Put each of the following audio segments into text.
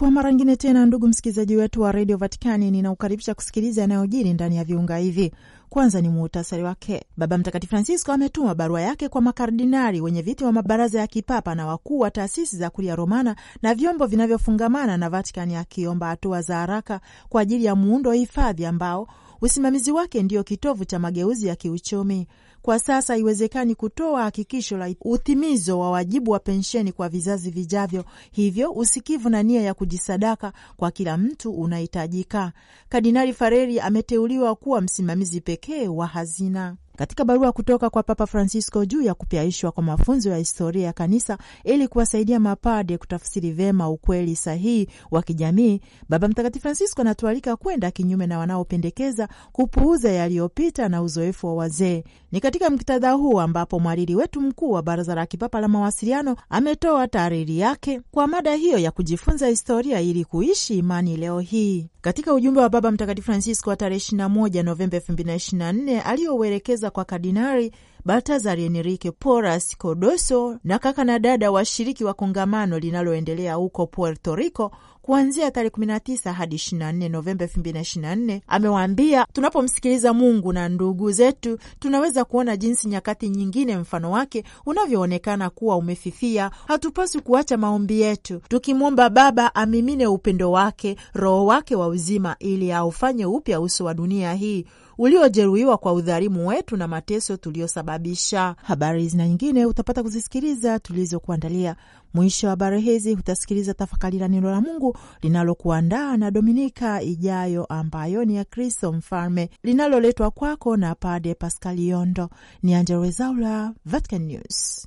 Kwa mara ngine tena, ndugu msikilizaji wetu wa redio Vatikani, ninaukaribisha kusikiliza yanayojiri ndani ya viunga hivi. Kwanza ni muhutasari wake. Baba Mtakatifu Francisco ametuma barua yake kwa makardinali wenye viti wa mabaraza ya kipapa na wakuu wa taasisi za Kuria Romana na vyombo vinavyofungamana na Vatikani, akiomba hatua za haraka kwa ajili ya muundo wa hifadhi ambao usimamizi wake ndio kitovu cha mageuzi ya kiuchumi kwa sasa haiwezekani kutoa hakikisho la utimizo wa wajibu wa pensheni kwa vizazi vijavyo, hivyo usikivu na nia ya kujisadaka kwa kila mtu unahitajika. Kardinali Fareri ameteuliwa kuwa msimamizi pekee wa hazina. Katika barua kutoka kwa Papa Francisco juu ya kupyaishwa kwa mafunzo ya historia ya kanisa ili kuwasaidia mapade kutafsiri vema ukweli sahihi wa kijamii, Baba Mtakatifu Francisco anatualika kwenda kinyume na wanaopendekeza kupuuza yaliyopita na uzoefu wa wazee. Ni katika mktadha huu ambapo mhariri wetu mkuu wa Baraza la Kipapa la Mawasiliano ametoa taariri yake kwa mada hiyo ya kujifunza historia ili kuishi imani leo hii. Katika ujumbe wa Baba Mtakatifu Francisco wa tarehe 21 Novemba 2024 aliyouelekeza kwa kadinari Baltazar Enrique Poras Codoso na kaka na dada washiriki wa kongamano linaloendelea huko Puerto Rico kuanzia tarehe 19 hadi 24 Novemba 2024. Amewaambia, tunapomsikiliza Mungu na ndugu zetu tunaweza kuona jinsi nyakati nyingine mfano wake unavyoonekana kuwa umefifia. Hatupaswi kuacha maombi yetu, tukimwomba Baba amimine upendo wake, Roho wake wa uzima, ili aufanye upya uso wa dunia hii uliojeruhiwa kwa udhalimu wetu na mateso tuliyosababisha kusababisha. Habari hizi na nyingine utapata kuzisikiliza tulizokuandalia. Mwisho wa habari hizi utasikiliza tafakari la neno la Mungu linalokuandaa na Dominika ijayo ambayo ni ya Kristo Mfalme, linaloletwa kwako na Pade Paskali Yondo. Ni Angella Rwezaula, Vatican News.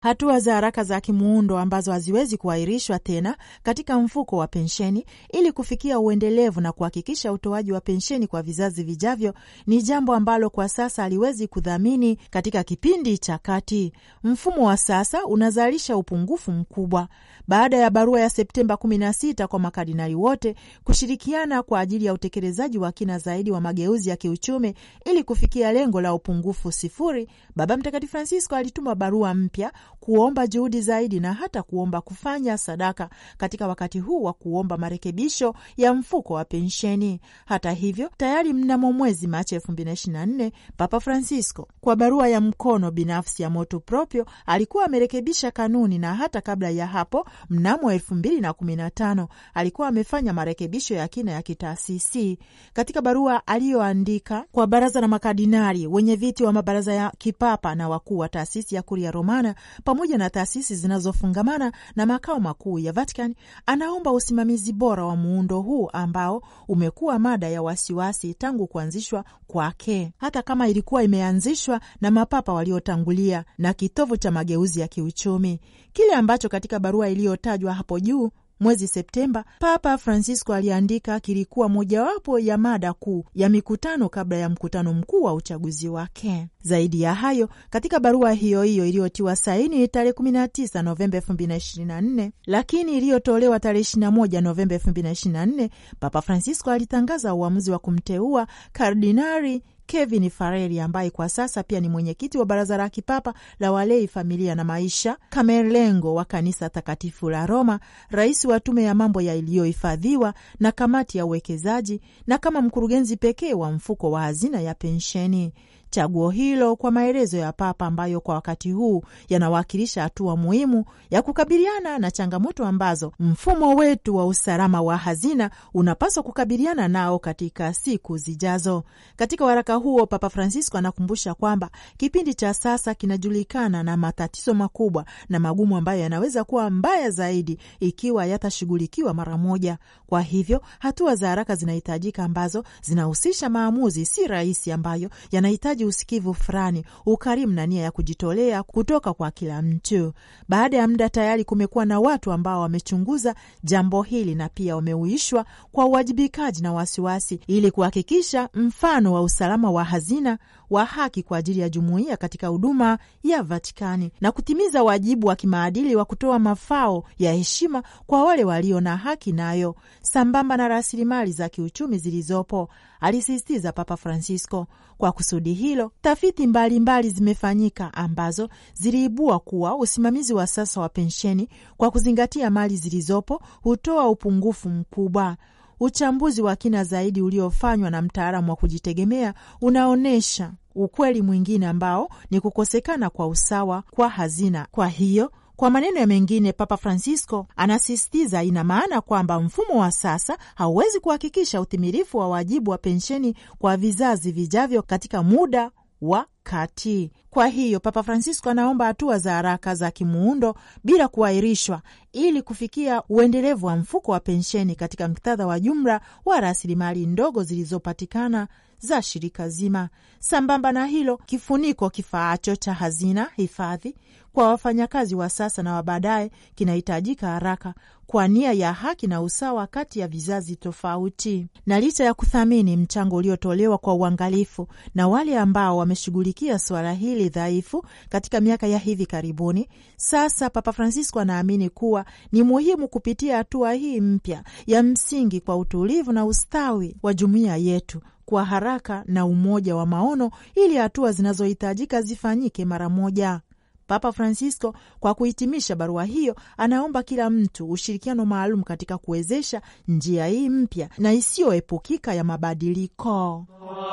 Hatua za haraka za kimuundo ambazo haziwezi kuahirishwa tena katika mfuko wa pensheni ili kufikia uendelevu na kuhakikisha utoaji wa pensheni kwa vizazi vijavyo ni jambo ambalo kwa sasa haliwezi kudhamini katika kipindi cha kati. Mfumo wa sasa unazalisha upungufu mkubwa baada ya barua ya Septemba 16 kwa makardinali wote kushirikiana kwa ajili ya utekelezaji wa kina zaidi wa mageuzi ya kiuchumi ili kufikia lengo la upungufu sifuri, Baba Mtakatifu Francisco alituma barua mpya kuomba juhudi zaidi na hata kuomba kufanya sadaka katika wakati huu wa kuomba marekebisho ya mfuko wa pensheni. Hata hivyo, tayari mnamo mwezi Machi 2024 Papa Francisco kwa barua ya mkono binafsi ya motu proprio alikuwa amerekebisha kanuni na hata kabla ya hapo mnamo elfu mbili na kumi na tano alikuwa amefanya marekebisho ya kina ya kitaasisi katika barua aliyoandika kwa baraza la makardinali, wenye viti wa mabaraza ya kipapa na wakuu wa taasisi ya Kuria Romana pamoja na taasisi zinazofungamana na makao makuu ya Vatican. Anaomba usimamizi bora wa muundo huu ambao umekuwa mada ya wasiwasi tangu kuanzishwa kwake, hata kama ilikuwa imeanzishwa na mapapa waliotangulia na kitovu cha mageuzi ya kiuchumi kile ambacho katika barua iliyotajwa hapo juu mwezi Septemba Papa Francisco aliandika kilikuwa mojawapo ya mada kuu ya mikutano kabla ya mkutano mkuu wa uchaguzi wake. Zaidi ya hayo, katika barua hiyo hiyo iliyotiwa saini tarehe 19 Novemba 2024 lakini iliyotolewa tarehe 21 Novemba 2024, Papa Francisco alitangaza uamuzi wa kumteua Kardinari Kevin Fareli ambaye kwa sasa pia ni mwenyekiti wa Baraza la Kipapa la Walei, Familia na Maisha Kamerlengo wa Kanisa Takatifu la Roma, rais wa Tume ya Mambo Yaliyohifadhiwa na Kamati ya Uwekezaji, na kama mkurugenzi pekee wa Mfuko wa Hazina ya Pensheni chaguo hilo kwa maelezo ya Papa ambayo kwa wakati huu yanawakilisha hatua muhimu ya kukabiliana na changamoto ambazo mfumo wetu wa usalama wa hazina unapaswa kukabiliana nao katika siku zijazo. Katika waraka huo, Papa Francisco anakumbusha kwamba kipindi cha sasa kinajulikana na matatizo makubwa na magumu ambayo yanaweza kuwa mbaya zaidi ikiwa yatashughulikiwa mara moja. Kwa hivyo, hatua za haraka zinahitajika ambazo zinahusisha maamuzi si rahisi ambayo yanahitaji inahitaji usikivu fulani, ukarimu na nia ya kujitolea kutoka kwa kila mtu. Baada ya muda, tayari kumekuwa na watu ambao wamechunguza jambo hili na pia wameuishwa kwa uwajibikaji na wasiwasi, ili kuhakikisha mfano wa usalama wa hazina wa haki kwa ajili ya jumuiya katika huduma ya Vatikani na kutimiza wajibu wa kimaadili wa kutoa mafao ya heshima kwa wale walio na haki nayo, sambamba na rasilimali za kiuchumi zilizopo alisisitiza Papa Francisco. Kwa kusudi hilo, tafiti mbalimbali zimefanyika ambazo ziliibua kuwa usimamizi wa sasa wa pensheni kwa kuzingatia mali zilizopo hutoa upungufu mkubwa. Uchambuzi wa kina zaidi uliofanywa na mtaalamu wa kujitegemea unaonyesha ukweli mwingine ambao ni kukosekana kwa usawa kwa hazina. Kwa hiyo kwa maneno mengine, Papa Francisco anasisitiza, ina maana kwamba mfumo wa sasa hauwezi kuhakikisha utimilifu wa wajibu wa pensheni kwa vizazi vijavyo katika muda wa kati. Kwa hiyo Papa Francisco anaomba hatua za haraka za kimuundo bila kuahirishwa ili kufikia uendelevu wa mfuko wa pensheni katika mktadha wa jumla wa rasilimali ndogo zilizopatikana za shirika zima. Sambamba na hilo, kifuniko kifaacho cha hazina hifadhi kwa wafanyakazi wa sasa na wa baadaye kinahitajika haraka kwa nia ya haki na usawa kati ya vizazi tofauti, na licha ya kuthamini mchango uliotolewa kwa uangalifu na wale ambao wameshughulika kushughulikia suala hili dhaifu katika miaka ya hivi karibuni. Sasa Papa Francisco anaamini kuwa ni muhimu kupitia hatua hii mpya ya msingi kwa utulivu na ustawi wa jumuiya yetu kwa haraka na umoja wa maono, ili hatua zinazohitajika zifanyike mara moja. Papa Francisco kwa kuhitimisha barua hiyo anaomba kila mtu ushirikiano maalum katika kuwezesha njia hii mpya na isiyoepukika ya mabadiliko.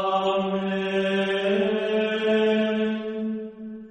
Amen.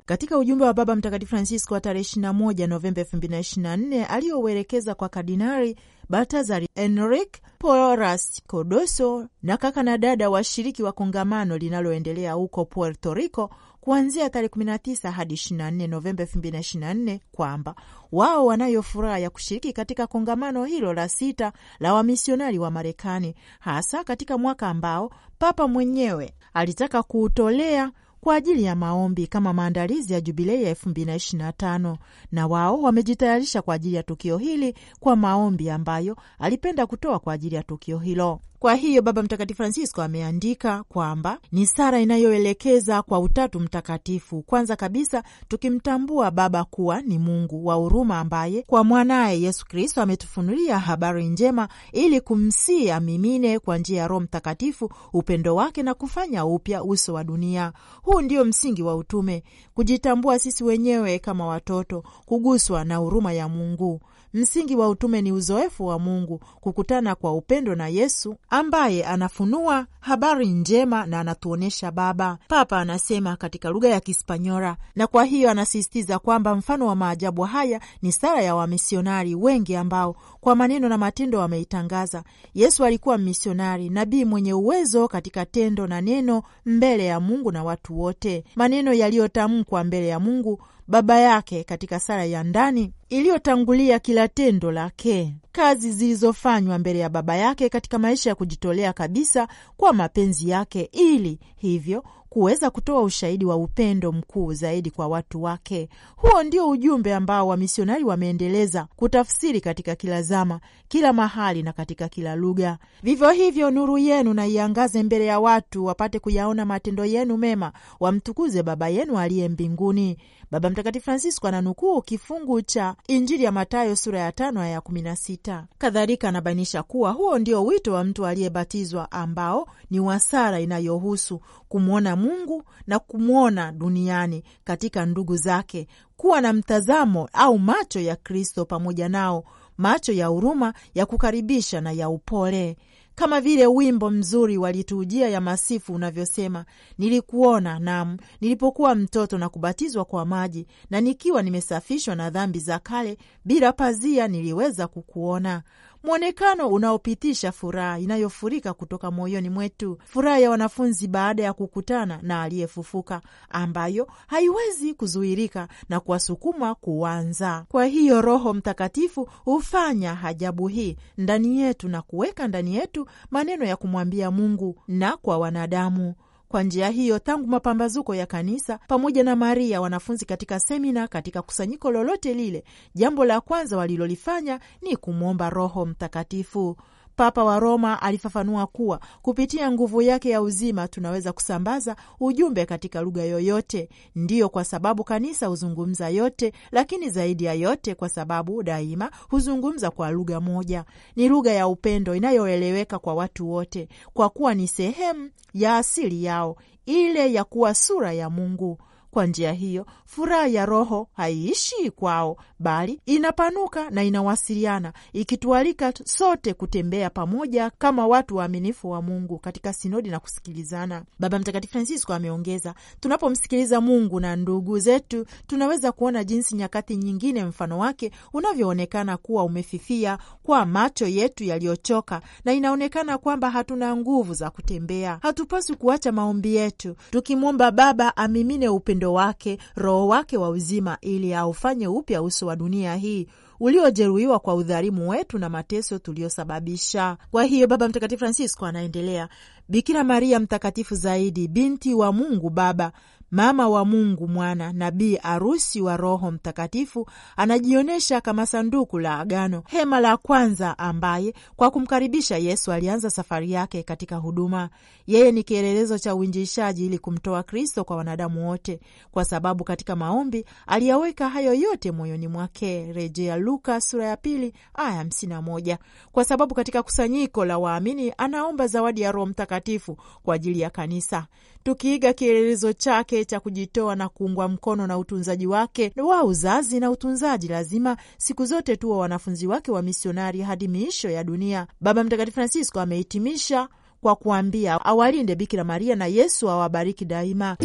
Katika ujumbe wa Baba Mtakatifu Francisco wa tarehe 21 Novemba 2024 aliyouelekeza kwa Kardinari Baltazari Enric Porras Codoso na kaka na dada washiriki wa kongamano linaloendelea huko Puerto Rico kuanzia tarehe 19 hadi 24 Novemba 2024 kwamba wao wanayo furaha ya kushiriki katika kongamano hilo la sita la wamisionari wa Marekani, hasa katika mwaka ambao Papa mwenyewe alitaka kuutolea kwa ajili ya maombi kama maandalizi ya jubilei ya 2025 na wao wamejitayarisha kwa ajili ya tukio hili kwa maombi ambayo alipenda kutoa kwa ajili ya tukio hilo. Kwa hiyo Baba Mtakatifu Francisco ameandika kwamba ni sara inayoelekeza kwa Utatu Mtakatifu, kwanza kabisa tukimtambua Baba kuwa ni Mungu wa huruma ambaye kwa mwanaye Yesu Kristo ametufunulia habari njema ili kumsii amimine kwa njia ya Roho Mtakatifu upendo wake na kufanya upya uso wa dunia. Huu ndio msingi wa utume, kujitambua sisi wenyewe kama watoto, kuguswa na huruma ya Mungu. Msingi wa utume ni uzoefu wa Mungu kukutana kwa upendo na Yesu ambaye anafunua habari njema na anatuonyesha Baba. Papa anasema katika lugha ya Kispanyora, na kwa hiyo anasisitiza kwamba mfano wa maajabu haya ni sara ya wamisionari wengi ambao kwa maneno na matendo wameitangaza. Yesu alikuwa mmisionari, nabii mwenye uwezo katika tendo na neno mbele ya Mungu na watu wote. Maneno yaliyotamkwa mbele ya Mungu baba yake katika sala ya ndani iliyotangulia kila tendo lake, kazi zilizofanywa mbele ya baba yake katika maisha ya kujitolea kabisa kwa mapenzi yake, ili hivyo kuweza kutoa ushahidi wa upendo mkuu zaidi kwa watu wake. Huo ndio ujumbe ambao wamisionari wameendeleza kutafsiri katika kila zama, kila mahali na katika kila lugha. Vivyo hivyo, nuru yenu na iangaze mbele ya watu, wapate kuyaona matendo yenu mema, wamtukuze Baba yenu aliye mbinguni. Baba Mtakatifu Francisco ananukuu kifungu cha Injili ya matayo sura ya tano aya ya kumi na sita. Kadhalika anabainisha kuwa huo ndio wito wa mtu aliyebatizwa ambao ni wasara inayohusu kumwona Mungu na kumwona duniani katika ndugu zake, kuwa na mtazamo au macho ya Kristo pamoja nao, macho ya huruma, ya kukaribisha na ya upole kama vile wimbo mzuri wa liturujia ya masifu unavyosema: nilikuona nam nilipokuwa mtoto na kubatizwa kwa maji, na nikiwa nimesafishwa na dhambi za kale bila pazia niliweza kukuona mwonekano unaopitisha furaha inayofurika kutoka moyoni mwetu, furaha ya wanafunzi baada ya kukutana na aliyefufuka, ambayo haiwezi kuzuirika na kuwasukuma kuanza. Kwa hiyo Roho Mtakatifu hufanya hajabu hii ndani yetu na kuweka ndani yetu maneno ya kumwambia Mungu na kwa wanadamu kwa njia hiyo, tangu mapambazuko ya kanisa pamoja na Maria, wanafunzi katika semina, katika kusanyiko lolote lile, jambo la kwanza walilolifanya ni kumwomba Roho Mtakatifu. Papa wa Roma alifafanua kuwa kupitia nguvu yake ya uzima tunaweza kusambaza ujumbe katika lugha yoyote. Ndiyo kwa sababu kanisa huzungumza yote, lakini zaidi ya yote kwa sababu daima huzungumza kwa lugha moja. Ni lugha ya upendo inayoeleweka kwa watu wote, kwa kuwa ni sehemu ya asili yao, ile ya kuwa sura ya Mungu. Kwa njia hiyo, furaha ya Roho haiishi kwao, bali inapanuka na inawasiliana, ikitualika sote kutembea pamoja kama watu waaminifu wa Mungu katika sinodi na kusikilizana. Baba Mtakatifu Francisco ameongeza, tunapomsikiliza Mungu na ndugu zetu, tunaweza kuona jinsi nyakati nyingine mfano wake unavyoonekana kuwa umefifia kwa macho yetu yaliyochoka, na inaonekana kwamba hatuna nguvu za kutembea. Hatupaswi kuacha maombi yetu, tukimwomba Baba amimine upendo upendo wake, Roho wake wa uzima, ili aufanye upya uso wa dunia hii uliojeruhiwa kwa udhalimu wetu na mateso tuliyosababisha. Kwa hiyo Baba Mtakatifu Francisco anaendelea, Bikira Maria mtakatifu zaidi, binti wa Mungu Baba, mama wa Mungu Mwana, nabii arusi wa Roho Mtakatifu, anajionyesha kama sanduku la agano, hema la kwanza, ambaye kwa kumkaribisha Yesu alianza safari yake katika huduma. Yeye ni kielelezo cha uinjilishaji ili kumtoa Kristo kwa wanadamu wote, kwa sababu katika maombi aliyaweka hayo yote moyoni mwake, rejea Luka sura ya pili aya hamsini na moja. Kwa sababu katika kusanyiko la waamini anaomba zawadi ya Roho Mtakatifu kwa ajili ya kanisa tukiiga kielelezo chake cha kujitoa na kuungwa mkono na utunzaji wake wa uzazi na utunzaji lazima siku zote tuwa wanafunzi wake wa misionari hadi miisho ya dunia. Baba Mtakatifu Francisco amehitimisha kwa kuambia awalinde Bikira Maria na Yesu awabariki daima.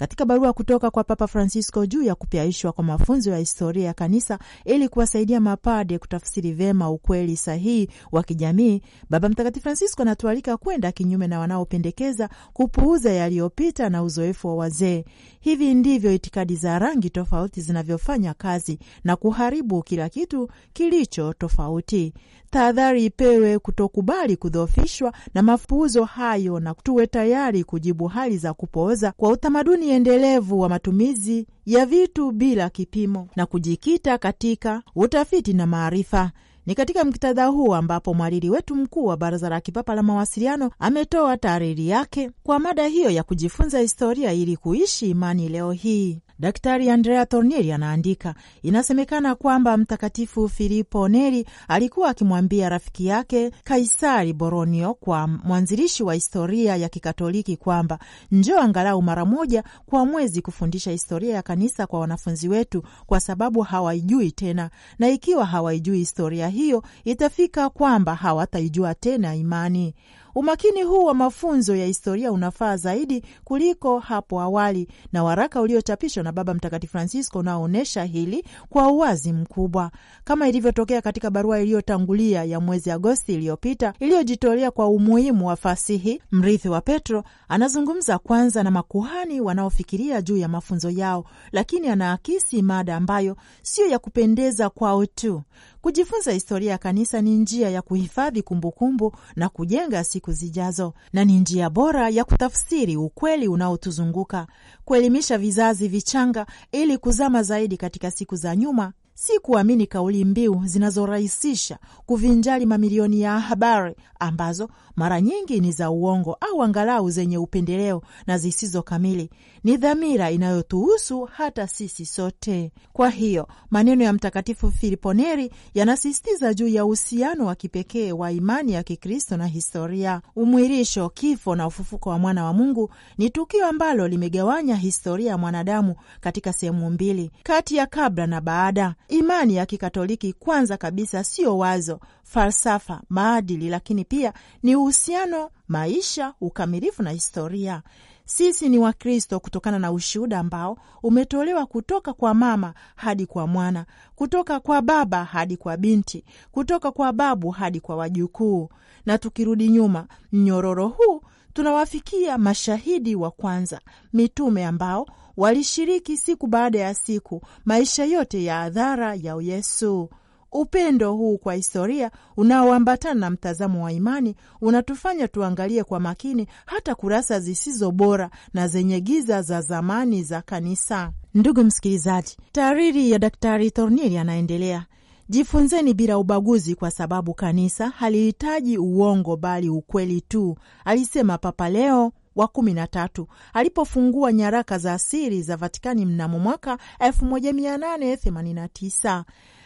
Katika barua kutoka kwa Papa Francisco juu ya kupyaishwa kwa mafunzo ya historia ya kanisa ili kuwasaidia mapade kutafsiri vema ukweli sahihi wa kijamii, Baba Mtakatifu Francisco anatualika kwenda kinyume na wanaopendekeza kupuuza yaliyopita na uzoefu wa wazee. Hivi ndivyo itikadi za rangi tofauti zinavyofanya kazi na kuharibu kila kitu kilicho tofauti tahadhari ipewe kutokubali kudhoofishwa na mafuzo hayo, na tuwe tayari kujibu hali za kupooza kwa utamaduni endelevu wa matumizi ya vitu bila kipimo na kujikita katika utafiti na maarifa. Ni katika muktadha huu ambapo mwalili wetu mkuu wa Baraza la Kipapa la Mawasiliano ametoa taariri yake kwa mada hiyo ya kujifunza historia ili kuishi imani leo hii. Daktari Andrea Tornieri anaandika, inasemekana kwamba Mtakatifu Filipo Neri alikuwa akimwambia rafiki yake Kaisari Boronio, kwa mwanzilishi wa historia ya Kikatoliki, kwamba njoo angalau mara moja kwa mwezi kufundisha historia ya kanisa kwa wanafunzi wetu, kwa sababu hawaijui tena, na ikiwa hawaijui historia hiyo, itafika kwamba hawataijua tena imani. Umakini huu wa mafunzo ya historia unafaa zaidi kuliko hapo awali, na waraka uliochapishwa na Baba Mtakatifu Francisco unaoonyesha hili kwa uwazi mkubwa, kama ilivyotokea katika barua iliyotangulia ya mwezi Agosti iliyopita iliyojitolea kwa umuhimu wa fasihi. Mrithi wa Petro anazungumza kwanza na makuhani wanaofikiria juu ya mafunzo yao, lakini anaakisi mada ambayo siyo ya kupendeza kwao tu Kujifunza historia ya kanisa ni njia ya kuhifadhi kumbukumbu na kujenga siku zijazo, na ni njia bora ya kutafsiri ukweli unaotuzunguka, kuelimisha vizazi vichanga ili kuzama zaidi katika siku za nyuma si kuamini kauli mbiu zinazorahisisha kuvinjali mamilioni ya habari ambazo mara nyingi ni za uongo au angalau zenye upendeleo na zisizo kamili. Ni dhamira inayotuhusu hata sisi sote. Kwa hiyo maneno ya Mtakatifu Filipo Neri yanasisitiza juu ya uhusiano wa kipekee wa imani ya Kikristo na historia. Umwilisho, kifo na ufufuko wa mwana wa Mungu ni tukio ambalo limegawanya historia ya mwanadamu katika sehemu mbili, kati ya kabla na baada Imani ya Kikatoliki kwanza kabisa siyo wazo, falsafa, maadili, lakini pia ni uhusiano, maisha, ukamilifu na historia. Sisi ni Wakristo kutokana na ushuhuda ambao umetolewa kutoka kwa mama hadi kwa mwana, kutoka kwa baba hadi kwa binti, kutoka kwa babu hadi kwa wajukuu. Na tukirudi nyuma, mnyororo huu tunawafikia mashahidi wa kwanza, mitume ambao walishiriki siku baada ya siku maisha yote ya adhara ya Yesu. Upendo huu kwa historia unaoambatana na mtazamo wa imani unatufanya tuangalie kwa makini hata kurasa zisizo bora na zenye giza za zamani za kanisa. Ndugu msikilizaji, taariri ya Daktari Thornili anaendelea Jifunzeni bila ubaguzi, kwa sababu kanisa halihitaji uongo bali ukweli tu, alisema Papa Leo wa kumi na tatu alipofungua nyaraka za asiri za Vatikani mnamo mwaka 1889.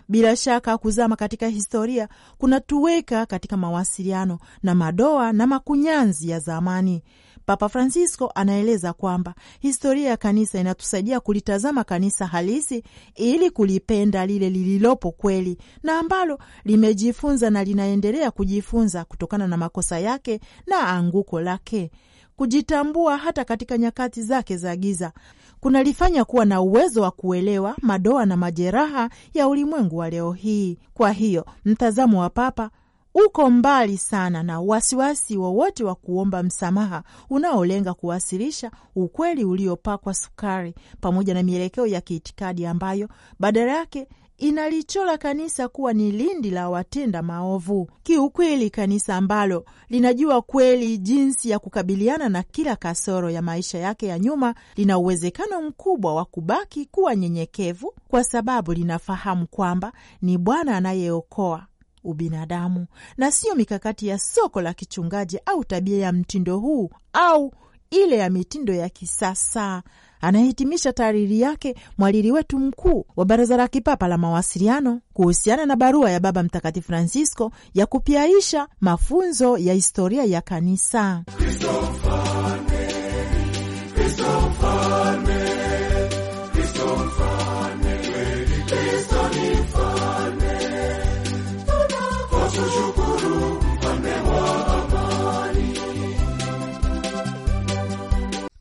Bila shaka kuzama katika historia kunatuweka katika mawasiliano na madoa na makunyanzi ya zamani. Papa Francisco anaeleza kwamba historia ya kanisa inatusaidia kulitazama kanisa halisi ili kulipenda lile lililopo kweli na ambalo limejifunza na linaendelea kujifunza kutokana na makosa yake na anguko lake. Kujitambua hata katika nyakati zake za giza kunalifanya kuwa na uwezo wa kuelewa madoa na majeraha ya ulimwengu wa leo hii. Kwa hiyo mtazamo wa Papa uko mbali sana na wasiwasi wowote wa kuomba msamaha unaolenga kuwasilisha ukweli uliopakwa sukari pamoja na mielekeo ya kiitikadi ambayo badala yake inalichola kanisa kuwa ni lindi la watenda maovu. Kiukweli, kanisa ambalo linajua kweli jinsi ya kukabiliana na kila kasoro ya maisha yake ya nyuma lina uwezekano mkubwa wa kubaki kuwa nyenyekevu, kwa sababu linafahamu kwamba ni Bwana anayeokoa ubinadamu na siyo mikakati ya soko la kichungaji au tabia ya mtindo huu au ile ya mitindo ya kisasa. Anahitimisha taariri yake mwaliri wetu mkuu wa Baraza la Kipapa la Mawasiliano kuhusiana na barua ya Baba Mtakatifu Francisco ya kupiaisha mafunzo ya historia ya Kanisa Christopher.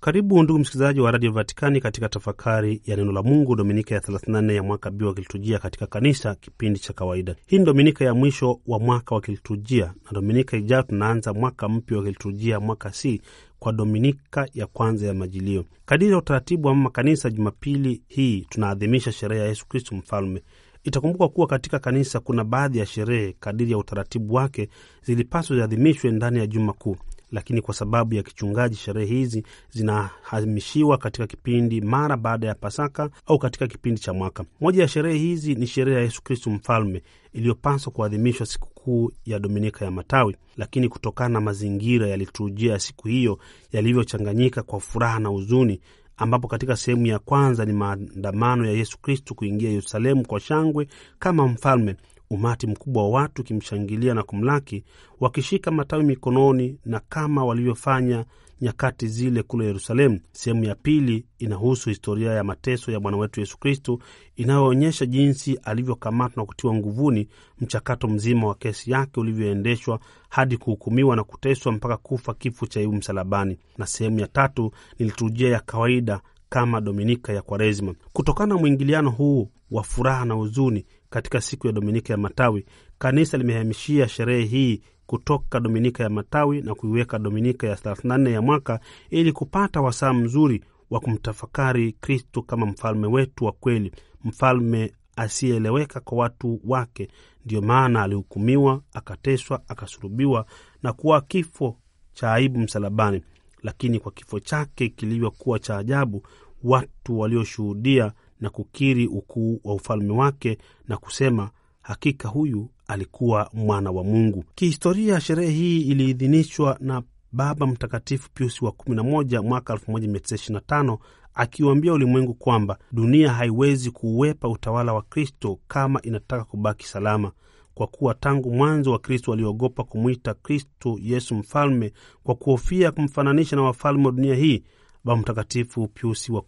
Karibu ndugu msikilizaji wa Radio Vatikani katika tafakari ya neno la Mungu, dominika ya 34 ya mwaka B wa kiliturujia katika kanisa, kipindi cha kawaida. Hii ni dominika ya mwisho wa mwaka wa kiliturujia, na dominika ijayo tunaanza mwaka mpya wa kiliturujia, mwaka C kwa dominika ya kwanza ya Majilio. Kadiri ya utaratibu wa mama Kanisa, Jumapili hii tunaadhimisha sherehe ya Yesu Kristu Mfalme. Itakumbukwa kuwa katika kanisa kuna baadhi ya sherehe kadiri ya utaratibu wake zilipaswa ziadhimishwe ndani ya juma kuu lakini kwa sababu ya kichungaji, sherehe hizi zinahamishiwa katika kipindi mara baada ya Pasaka au katika kipindi cha mwaka. Moja ya sherehe hizi ni sherehe ya Yesu Kristu Mfalme iliyopaswa kuadhimishwa sikukuu ya Dominika ya Matawi, lakini kutokana na mazingira ya liturujia ya siku hiyo yalivyochanganyika kwa furaha na huzuni ambapo katika sehemu ya kwanza ni maandamano ya Yesu Kristu kuingia Yerusalemu kwa shangwe kama mfalme, umati mkubwa wa watu ukimshangilia na kumlaki, wakishika matawi mikononi, na kama walivyofanya nyakati zile kule Yerusalemu. Sehemu ya pili inahusu historia ya mateso ya Bwana wetu Yesu Kristo, inayoonyesha jinsi alivyokamatwa na kutiwa nguvuni, mchakato mzima wa kesi yake ulivyoendeshwa hadi kuhukumiwa na kuteswa mpaka kufa kifo cha iu msalabani, na sehemu ya tatu ni liturujia ya kawaida kama Dominika ya Kwaresima. Kutokana na mwingiliano huu wa furaha na huzuni, katika siku ya Dominika ya Matawi. Kanisa limehamishia sherehe hii kutoka Dominika ya Matawi na kuiweka Dominika ya 34 ya mwaka ili kupata wasaa mzuri wa kumtafakari Kristo kama mfalme wetu wa kweli, mfalme asiyeeleweka kwa watu wake. Ndiyo maana alihukumiwa, akateswa, akasulubiwa na kuwa kifo cha aibu msalabani, lakini kwa kifo chake kilivyokuwa cha ajabu, watu walioshuhudia na kukiri ukuu wa ufalme wake na kusema hakika huyu alikuwa mwana wa Mungu. Kihistoria, sherehe hii iliidhinishwa na Baba Mtakatifu Pius wa 11 mwaka 1925 akiuambia ulimwengu kwamba dunia haiwezi kuuwepa utawala wa Kristo kama inataka kubaki salama, kwa kuwa tangu mwanzo wa Kristo waliogopa kumwita Kristo Yesu mfalme kwa kuhofia kumfananisha na wafalme wa dunia hii. Baba Mtakatifu Piusi wa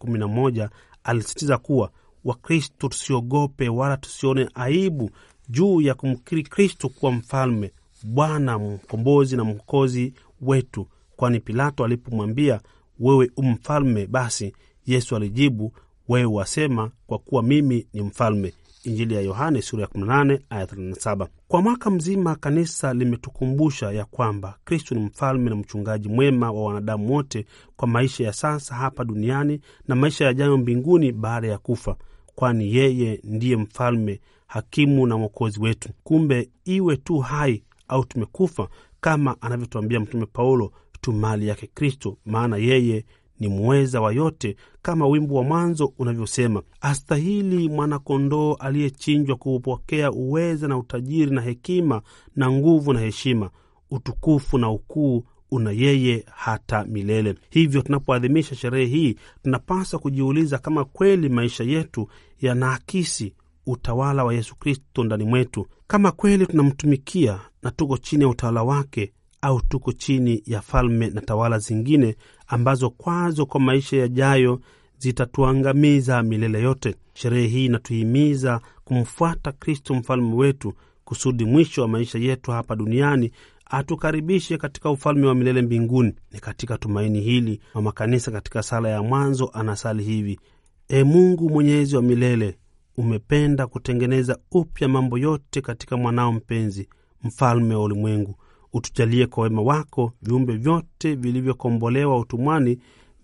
alisisitiza kuwa Wakristo tusiogope wala tusione aibu juu ya kumkiri Kristo kuwa mfalme, Bwana, mkombozi na mwokozi wetu, kwani Pilato alipomwambia wewe u mfalme, basi Yesu alijibu wewe wasema, kwa kuwa mimi ni mfalme. Injili ya Yohane sura ya 18 aya 37. Kwa mwaka mzima kanisa limetukumbusha ya kwamba kristu ni mfalme na mchungaji mwema wa wanadamu wote kwa maisha ya sasa hapa duniani na maisha yajayo mbinguni baada ya kufa, kwani yeye ndiye mfalme, hakimu na mwokozi wetu. Kumbe iwe tu hai au tumekufa, kama anavyotuambia Mtume Paulo, tu mali yake Kristo, maana yeye ni mweza wa yote, kama wimbo wa mwanzo unavyosema, astahili mwanakondoo aliyechinjwa kuupokea uweza na utajiri na hekima na nguvu na heshima, utukufu na ukuu una yeye hata milele. Hivyo tunapoadhimisha sherehe hii, tunapaswa kujiuliza kama kweli maisha yetu yanaakisi utawala wa Yesu Kristo ndani mwetu, kama kweli tunamtumikia na tuko chini ya utawala wake au tuko chini ya falme na tawala zingine ambazo kwazo kwa maisha yajayo zitatuangamiza milele yote. Sherehe hii inatuhimiza kumfuata Kristo mfalme wetu kusudi mwisho wa maisha yetu hapa duniani atukaribishe katika ufalme wa milele mbinguni. Ni katika tumaini hili mama kanisa katika sala ya mwanzo anasali hivi: E Mungu mwenyezi wa milele, umependa kutengeneza upya mambo yote katika mwanao mpenzi, mfalme wa ulimwengu utujalie kwa wema wako viumbe vyote vilivyokombolewa utumwani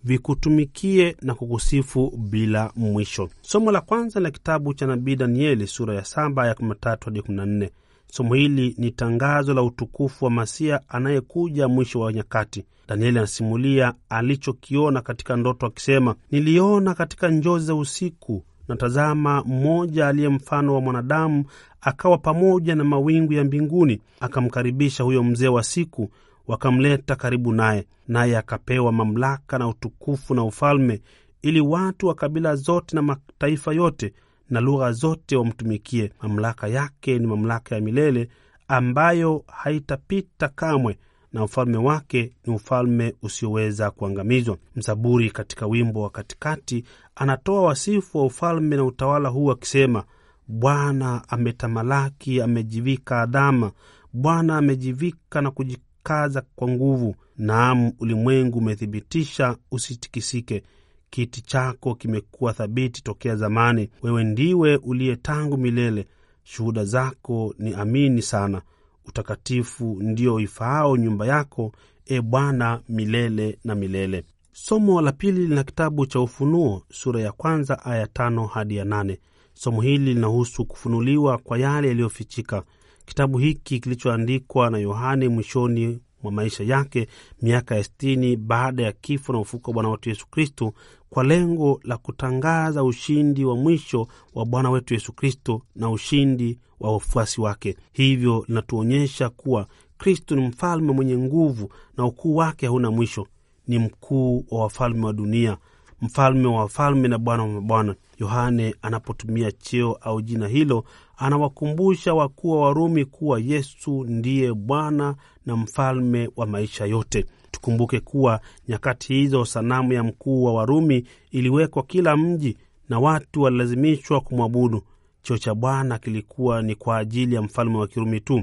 vikutumikie na kukusifu bila mwisho. Somo la kwanza la kitabu cha nabii Danieli sura ya saba ya kumi na tatu hadi kumi na nne. Somo hili ni tangazo la utukufu wa Masia anayekuja mwisho wa nyakati. Danieli anasimulia alichokiona katika ndoto akisema, niliona katika njozi za usiku na tazama, mmoja aliye mfano wa mwanadamu akawa pamoja na mawingu ya mbinguni, akamkaribisha huyo mzee wa siku, wakamleta karibu naye, naye akapewa mamlaka na utukufu na ufalme, ili watu wa kabila zote na mataifa yote na lugha zote wamtumikie. Mamlaka yake ni mamlaka ya milele ambayo haitapita kamwe, na ufalme wake ni ufalme usioweza kuangamizwa. Mzaburi katika wimbo wa katikati anatoa wasifu wa ufalme na utawala huu akisema, Bwana ametamalaki, amejivika adhama, Bwana amejivika na kujikaza kwa nguvu. Naam, ulimwengu umethibitisha, usitikisike Kiti chako kimekuwa thabiti tokea zamani, wewe ndiwe uliye tangu milele, shuhuda zako ni amini sana utakatifu ndio ifaao nyumba yako, e Bwana, milele na milele. Somo la pili lina kitabu cha Ufunuo sura ya kwanza aya tano hadi ya nane. Somo hili linahusu kufunuliwa kwa yale yaliyofichika. Kitabu hiki kilichoandikwa na Yohane mwishoni mwa maisha yake miaka ya sitini baada ya kifo na ufufuko wa Bwana wetu Yesu Kristu kwa lengo la kutangaza ushindi wa mwisho wa Bwana wetu Yesu Kristo na ushindi wa wafuasi wake. Hivyo linatuonyesha kuwa Kristo ni mfalme mwenye nguvu na ukuu wake hauna mwisho. Ni mkuu wa wafalme wa dunia, mfalme wa wafalme na bwana wa mabwana. Yohane anapotumia cheo au jina hilo, anawakumbusha wakuu wa Warumi kuwa Yesu ndiye Bwana na mfalme wa maisha yote. Tukumbuke kuwa nyakati hizo sanamu ya mkuu wa Warumi iliwekwa kila mji na watu walilazimishwa kumwabudu. Cheo cha Bwana kilikuwa ni kwa ajili ya mfalme wa Kirumi tu.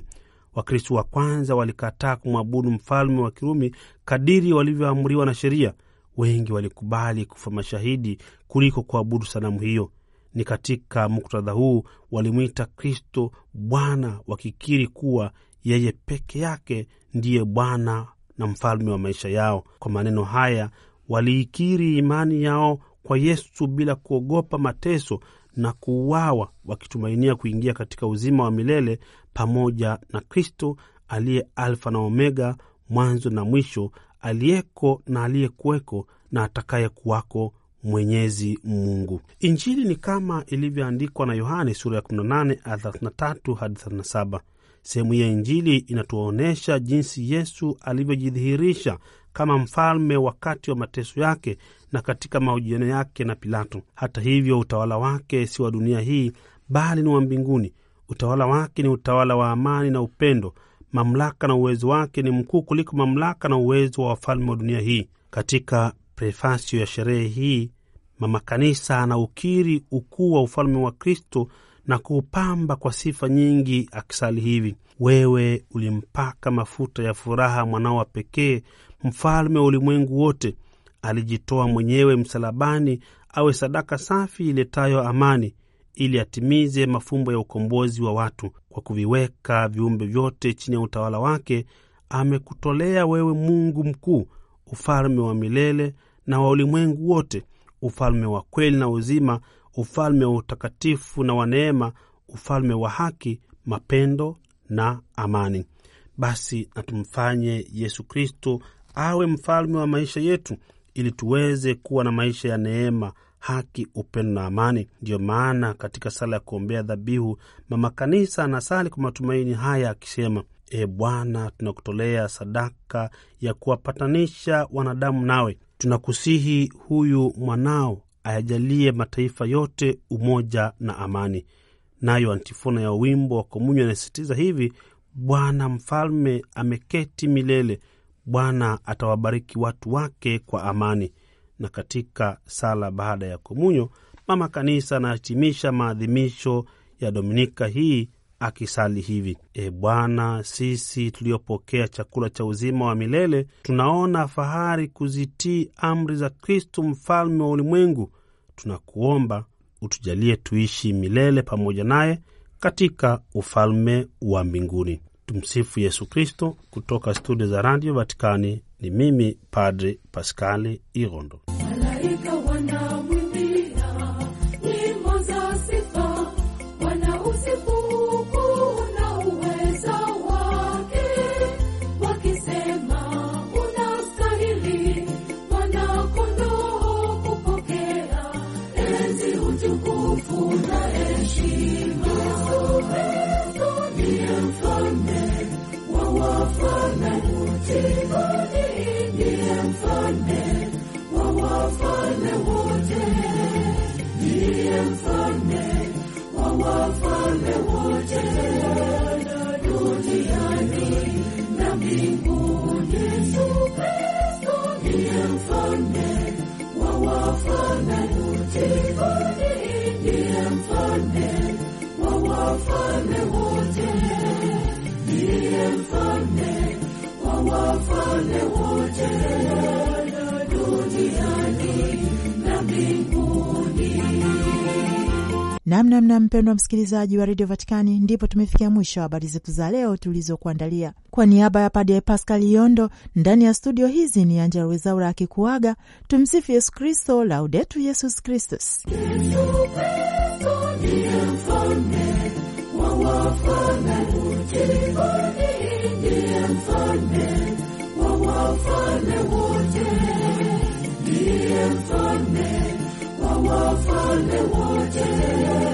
Wakristo wa kwanza walikataa kumwabudu mfalme wa Kirumi kadiri walivyoamriwa na sheria. Wengi walikubali kufa mashahidi kuliko kuabudu sanamu hiyo. Ni katika muktadha huu walimwita Kristo Bwana, wakikiri kuwa yeye peke yake ndiye Bwana na mfalme wa maisha yao. Kwa maneno haya waliikiri imani yao kwa Yesu bila kuogopa mateso na kuuawa, wakitumainia kuingia katika uzima wa milele pamoja na Kristo aliye Alfa na Omega, mwanzo na mwisho, aliyeko na aliyekuweko na atakaye kuwako, Mwenyezi Mungu. Injili ni kama ilivyoandikwa na Yohane sura ya 18 aya 33 hadi 37. Sehemu ya Injili inatuonyesha jinsi Yesu alivyojidhihirisha kama mfalme wakati wa mateso yake na katika mahojiano yake na Pilato. Hata hivyo, utawala wake si wa dunia hii, bali ni wa mbinguni. Utawala wake ni utawala wa amani na upendo. Mamlaka na uwezo wake ni mkuu kuliko mamlaka na uwezo wa wafalme wa dunia hii. Katika prefasio ya sherehe hii Mama Kanisa anaukiri ukuu wa ufalme wa Kristo na kuupamba kwa sifa nyingi, akisali hivi: wewe ulimpaka mafuta ya furaha mwanao wa pekee, mfalme wa ulimwengu wote. Alijitoa mwenyewe msalabani awe sadaka safi iletayo amani, ili atimize mafumbo ya ukombozi wa watu. Kwa kuviweka viumbe vyote chini ya utawala wake, amekutolea wewe Mungu mkuu, ufalme wa milele na wa ulimwengu wote ufalme wa kweli na uzima, ufalme wa utakatifu na wa neema, ufalme wa haki, mapendo na amani. Basi na tumfanye Yesu Kristo awe mfalme wa maisha yetu, ili tuweze kuwa na maisha ya neema, haki, upendo na amani. Ndiyo maana katika sala ya kuombea dhabihu, mama kanisa anasali kwa matumaini haya akisema: E Bwana, tunakutolea sadaka ya kuwapatanisha wanadamu nawe. Tunakusihi huyu mwanao ayajalie mataifa yote umoja na amani. Nayo antifona ya wimbo wa komunywa inasisitiza hivi: Bwana mfalme ameketi milele, Bwana atawabariki watu wake kwa amani. Na katika sala baada ya komunyo, mama kanisa anahitimisha maadhimisho ya dominika hii akisali hivi: E Bwana, sisi tuliopokea chakula cha uzima wa milele tunaona fahari kuzitii amri za kristu mfalme wa ulimwengu. Tunakuomba utujalie tuishi milele pamoja naye katika ufalme wa mbinguni. Tumsifu Yesu Kristo. Kutoka studio za Radio Vatikani ni mimi Padri Paskali Irondo. Namnamna mpendwa msikilizaji wa redio Vatikani, ndipo tumefikia mwisho wa habari zetu za leo tulizokuandalia. Kwa niaba ya Padre Pascal Yondo, ndani ya studio hizi ni Angela Wezaura akikuaga. Tumsifu Yesu Kristo, Laudetu Yesus Kristus. Yesu wafalme wote.